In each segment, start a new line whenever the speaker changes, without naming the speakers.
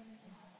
i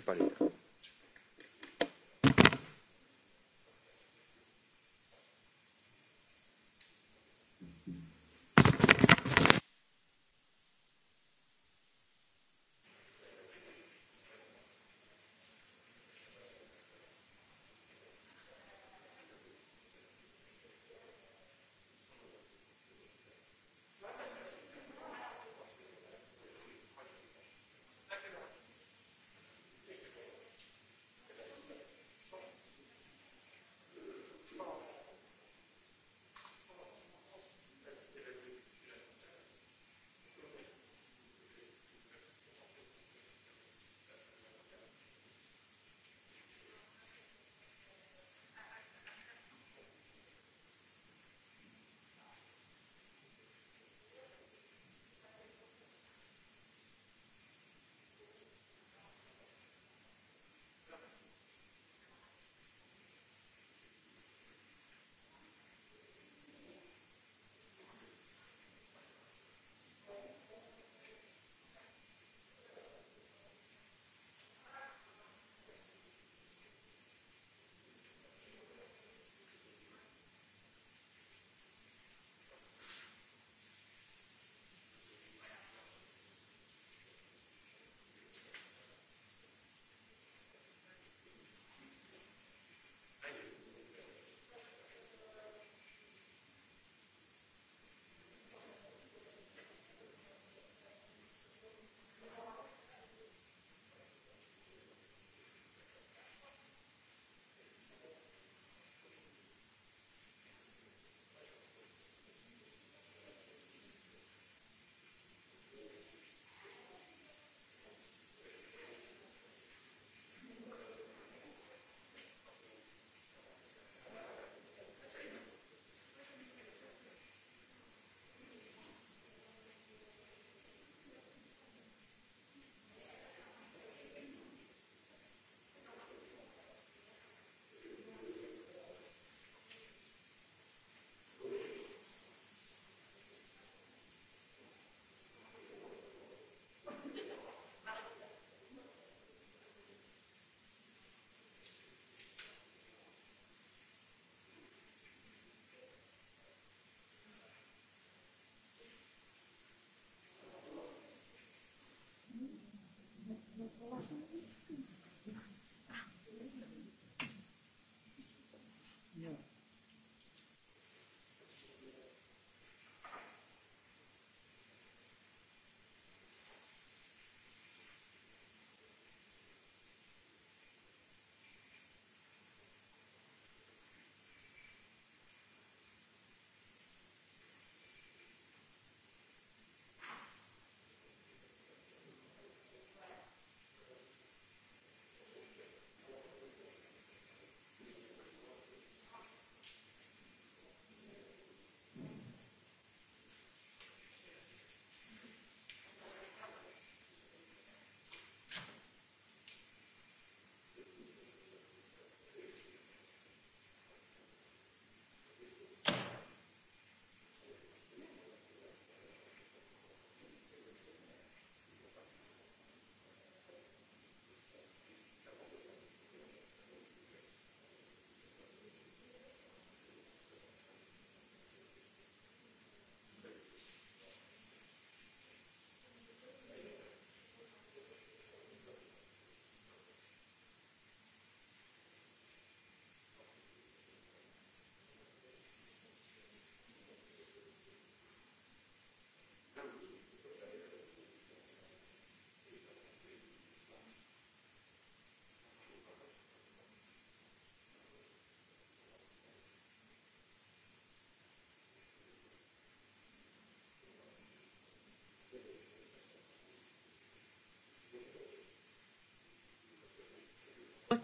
municipalidad.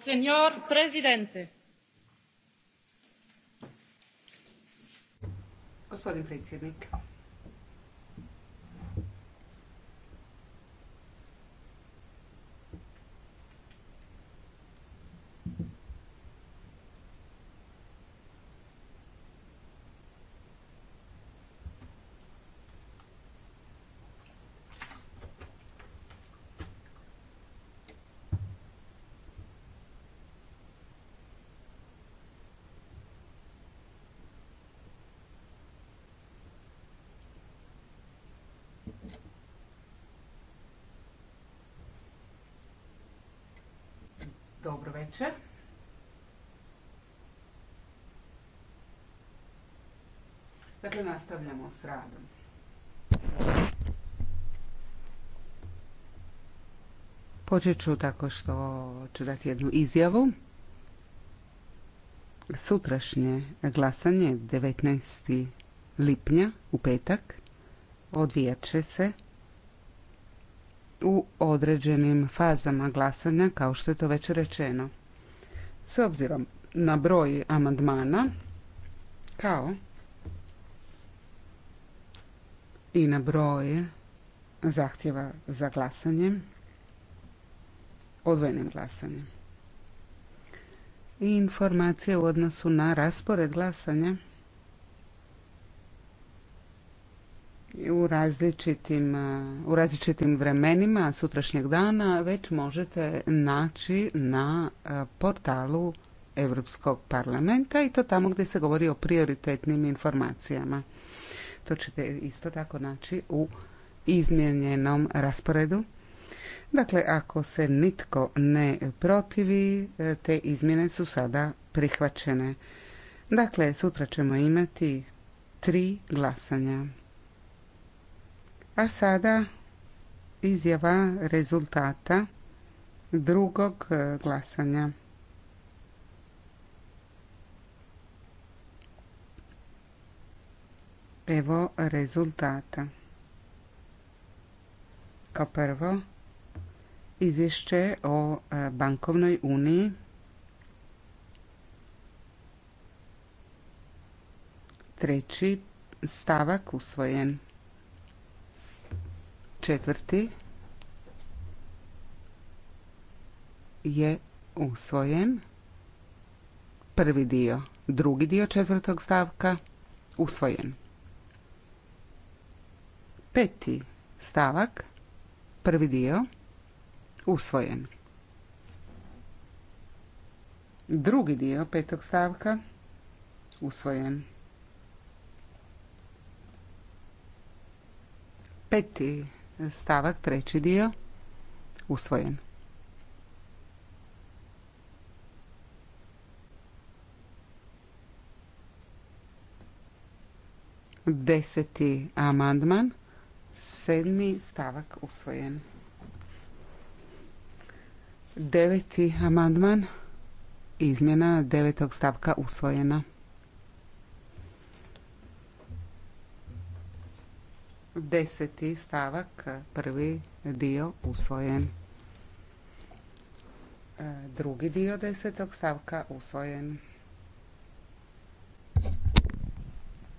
Senjor presidente. Gospodin predsjednik. Dobro večer. Dakle, nastavljamo s radom. Počet ću tako što ću dati jednu izjavu. Sutrašnje glasanje 19. lipnja u petak odvijat će se u određenim fazama glasanja, kao što je to već rečeno. S obzirom na broj amandmana, kao i na broj zahtjeva za glasanje, odvojenim glasanjem. I informacije u odnosu na raspored glasanja u različitim, e, u različitim vremenima sutrašnjeg dana već možete naći na e, portalu Europskog parlamenta i to tamo gdje se govori o prioritetnim informacijama. To ćete isto tako naći u izmjenjenom rasporedu. Dakle, ako se nitko ne protivi, e, te izmjene su sada prihvaćene. Dakle, sutra ćemo imati tri glasanja. A sada izjava rezultata drugog e, glasanja. Evo rezultata. Kao prvo, izvješće o e, bankovnoj uniji. Treći stavak usvojen. Četvrti je usvojen. Prvi dio, drugi dio četvrtog stavka usvojen. Peti stavak, prvi dio usvojen. Drugi dio petog stavka usvojen. Peti stavak treći dio usvojen. Deseti amandman, sedmi stavak usvojen. Deveti amandman, izmjena devetog stavka usvojena. Deseti stavak, prvi dio usvojen. E, drugi dio desetog stavka usvojen.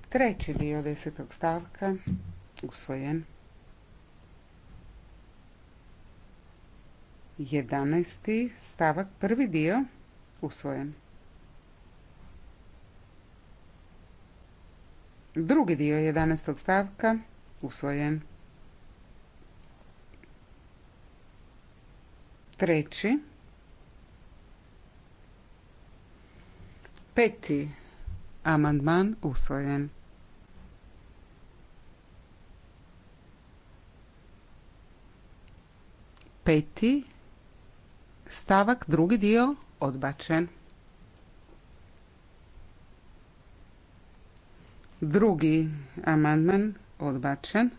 Treći dio desetog stavka usvojen. Jedanesti stavak prvi dio usvojen. Drugi dio 11. stavka usvojen. Treći. Peti amandman usvojen. Peti stavak drugi dio odbačen. Drugi amandman odbačen.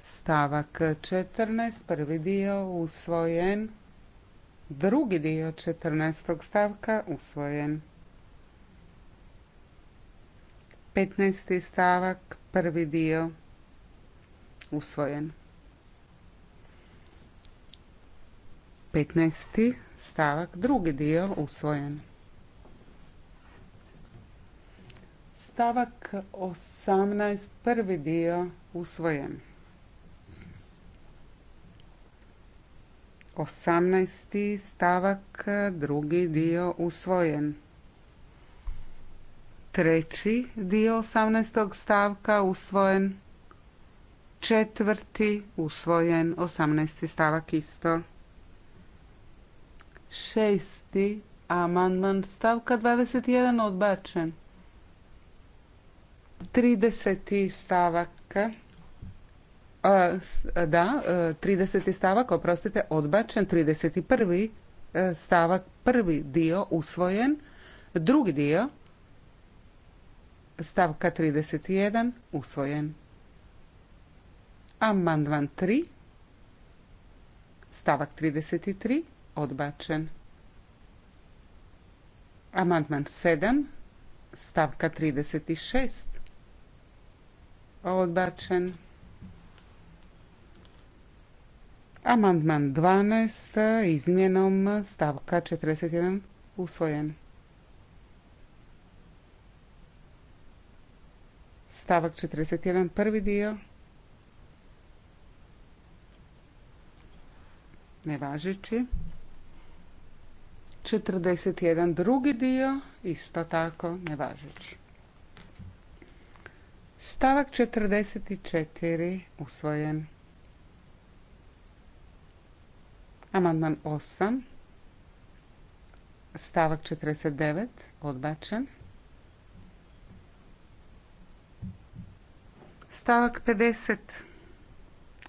Stavak 14, prvi dio usvojen. Drugi dio 14. stavka usvojen. 15. stavak, prvi dio usvojen. 15. stavak, drugi dio usvojen. Stavak 18. prvi dio usvojen. 18. stavak drugi dio usvojen. Treći dio 18. stavka usvojen. Četvrti usvojen. 18. stavak isto. Šesti amandman stavka 21 odbačen. 30. stavak da, 30. E, stavak, oprostite, odbačen, 31. E, stavak, prvi dio usvojen, drugi dio stavka 31 usvojen. Amandman 3, stavak 33 odbačen. Amandman 7, stavka 36 odbačen. Amandman 12 izmjenom stavka 41 usvojen. Stavak 41 prvi dio nevažeći. 41 drugi dio isto tako nevažeći. Stavak 44 usvojen. Amandman 8. Stavak 49 odbačen. Stavak 50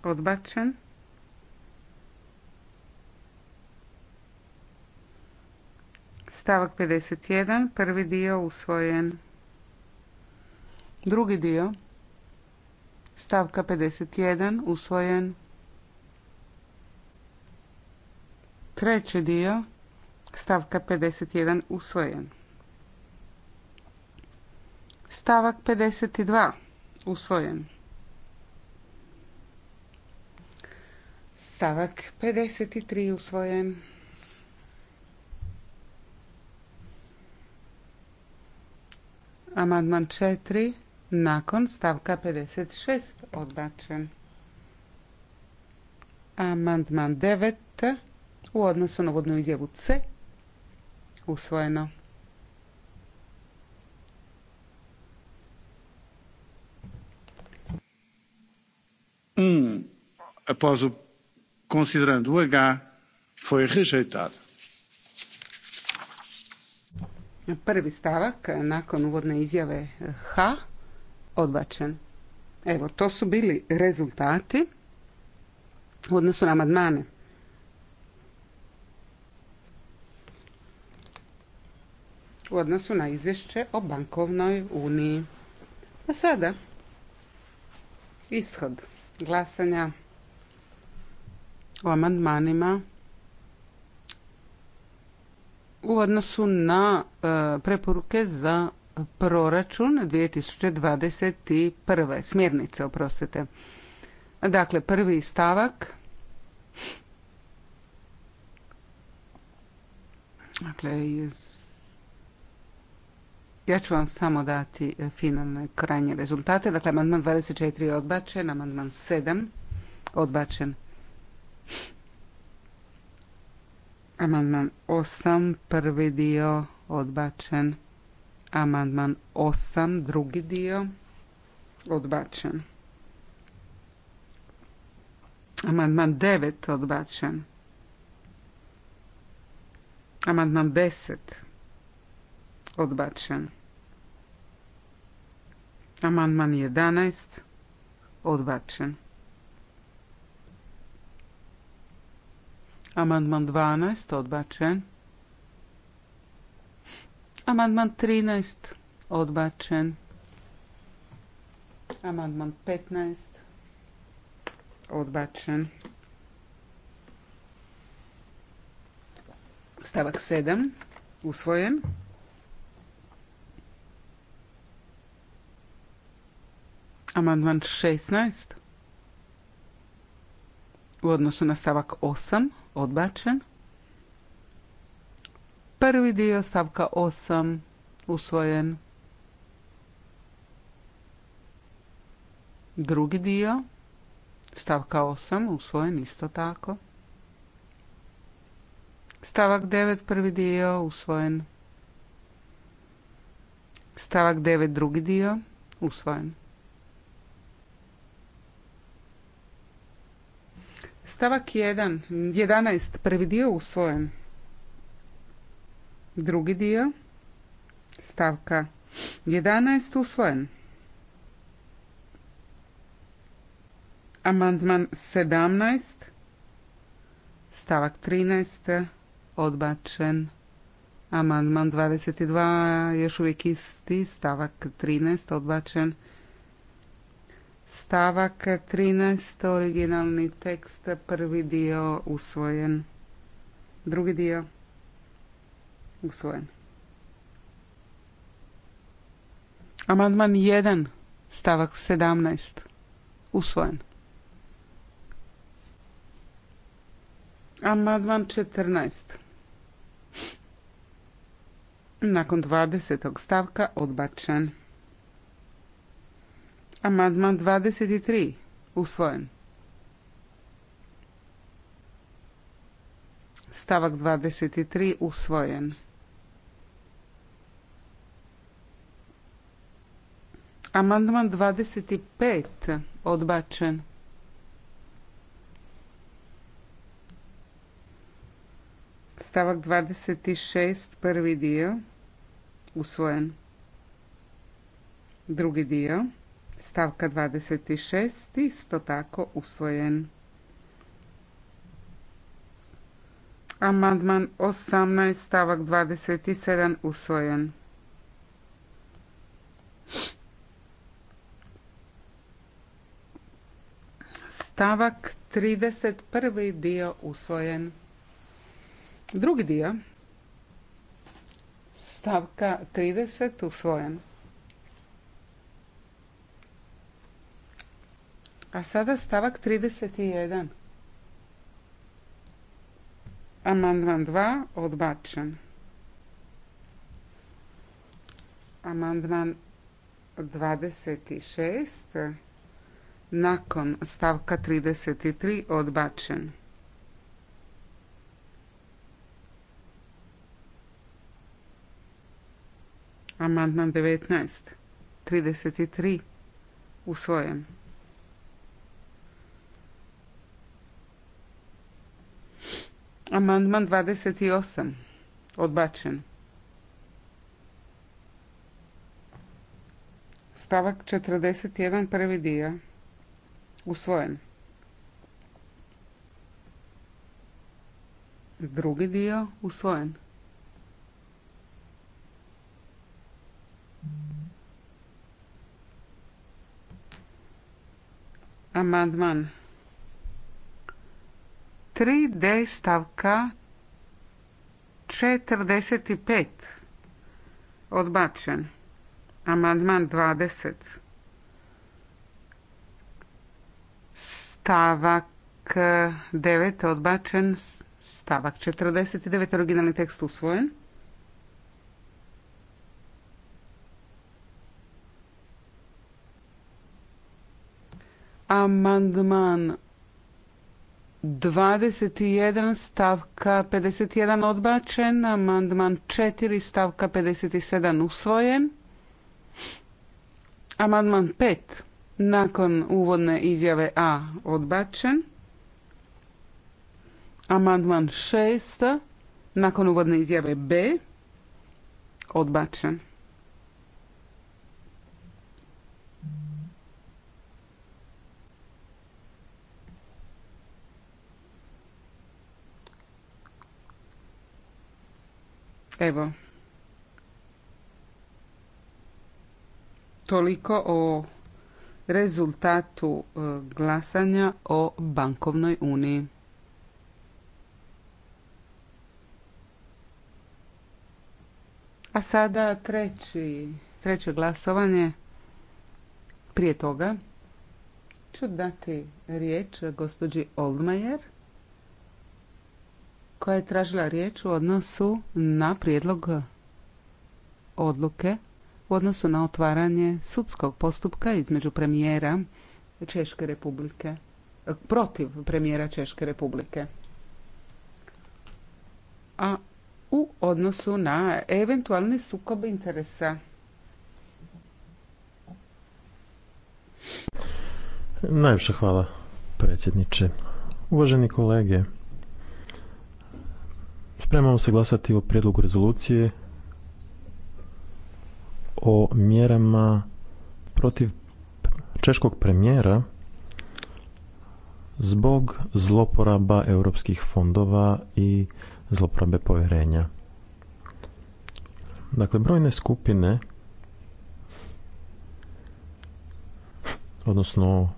odbačen. Stavak 51 prvi dio usvojen. Drugi dio stavka 51 usvojen. Treći dio stavka 51 usvojen. Stavak 52 usvojen. Stavak 53 usvojen. Amandman 4 nakon stavka 56 odbačen. Amandman 9 u odnosu na vodnu izjavu C usvojeno.
Um, após o considerando o H, foi rejeitado.
Prvi stavak nakon uvodne izjave H odbačen. Evo, to su bili rezultati u odnosu na amandmane. U odnosu na izvješće o bankovnoj uniji. A sada, ishod glasanja o amandmanima u odnosu na e, preporuke za proračun 2021. Smjernice, oprostite. Dakle, prvi stavak. Dakle, ja ću vam samo dati finalne krajnje rezultate. Dakle, amandman 24 je odbačen, amandman 7 odbačen. Amandman 8, prvi dio odbačen. Amandman 8, drugi dio, odbačen. Amandman 9, odbačen. Amandman 10, odbačen. Amandman 11, odbačen. Amandman 12, odbačen. Amandman 13 odbačen. Amandman 15 odbačen. Stavak 7 usvojen. Amandman 16 u odnosu na stavak 8 odbačen. Prvi dio stavka 8 usvojen. Drugi dio stavka 8 usvojen isto tako. Stavak 9 prvi dio usvojen. Stavak 9 drugi dio usvojen. Stavak 1 11 prvi dio usvojen. Drugi dio stavka 11 usvojen. Amandman 17 stavak 13 odbačen. Amandman 22 još uvijek isti stavak 13 odbačen. Stavak 13 originalni tekst prvi dio usvojen. Drugi dio Usvojen. Amandman 1, stavak 17. Usvojen. Amandman 14. Nakon 20. stavka odbačen. Amandman 23. Usvojen. Stavak 23. Usvojen. Amandman 25 odbačen. Stavak 26, prvi dio, usvojen. Drugi dio, stavka 26, isto tako usvojen. Amandman 18, stavak 27, usvojen. stavak 31. dio usvojen. Drugi dio stavka 30 usvojen. A sada stavak 31. Amandman 2 odbačen. Amandman 26 nakon stavka 33 odbačen. Amandman 19. 33. Usvojen. Amandman 28. Odbačen. Stavak 41. Prvi dio usvojen. Drugi dio usvojen. Amandman 3D stavka 45 odbačen. Amandman 20 stavak 9 eh, odbačen, stavak 49 originalni tekst usvojen. Amandman 21 stavka 51 odbačen, amandman 4 stavka 57 usvojen, amandman 5 nakon uvodne izjave A odbačen. Amandman 6. Nakon uvodne izjave B odbačen. Evo. Toliko o rezultatu e, glasanja o bankovnoj uniji. A sada treći, treće glasovanje. Prije toga ću dati riječ gospođi Oldmajer koja je tražila riječ u odnosu na prijedlog odluke u odnosu na otvaranje sudskog postupka između premijera Češke republike protiv premijera Češke republike. A u odnosu na eventualni sukob interesa.
Naše hvala, predsjedniče. Uvaženi kolege, spremamo se glasati o prijedlogu rezolucije o mjerama protiv češkog premijera zbog zloporaba europskih fondova i zloporabe povjerenja. Dakle, brojne skupine, odnosno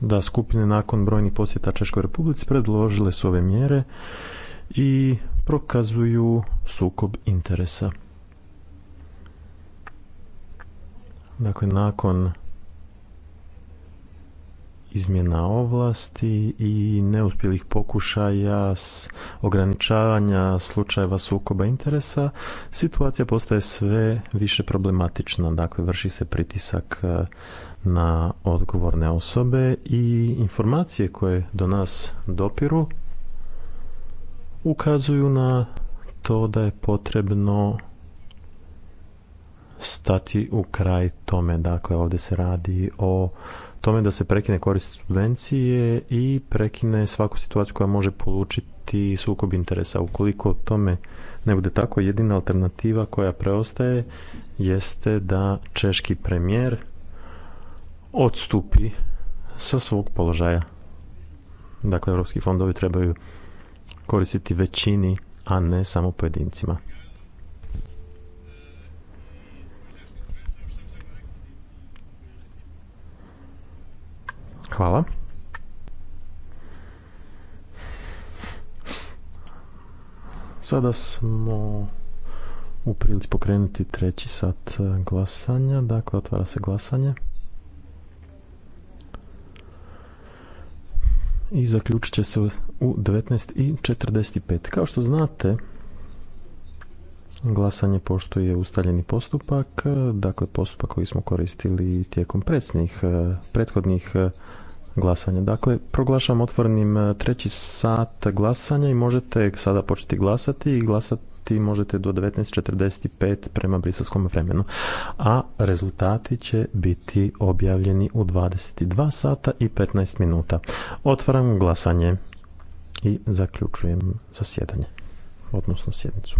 da skupine nakon brojnih posjeta Češkoj republici predložile su ove mjere i prokazuju sukob interesa. Dakle, nakon izmjena ovlasti i neuspjelih pokušaja s ograničavanja slučajeva sukoba interesa, situacija postaje sve više problematična. Dakle, vrši se pritisak e, na odgovorne osobe i informacije koje do nas dopiru ukazuju na to da je potrebno stati u kraj tome. Dakle, ovdje se radi o tome da se prekine korist subvencije i prekine svaku situaciju koja može polučiti sukob interesa. Ukoliko tome ne bude tako, jedina alternativa koja preostaje jeste da češki premijer odstupi sa svog položaja. Dakle, europski fondovi trebaju koristiti većini, a ne samo pojedincima. Hvala. Sada smo u prilici pokrenuti treći sat glasanja, dakle otvara se glasanje. i zaključit će se u 19.45. Kao što znate, glasanje poštuje ustaljeni postupak, dakle postupak koji smo koristili tijekom prethodnih glasanja. Dakle, proglašam otvorenim eh, treći sat glasanja i možete sada početi glasati i glasati sati možete do 19.45 prema brislavskom vremenu, a rezultati će biti objavljeni u 22 sata i 15 minuta. Otvaram glasanje i zaključujem zasjedanje, odnosno sjednicu.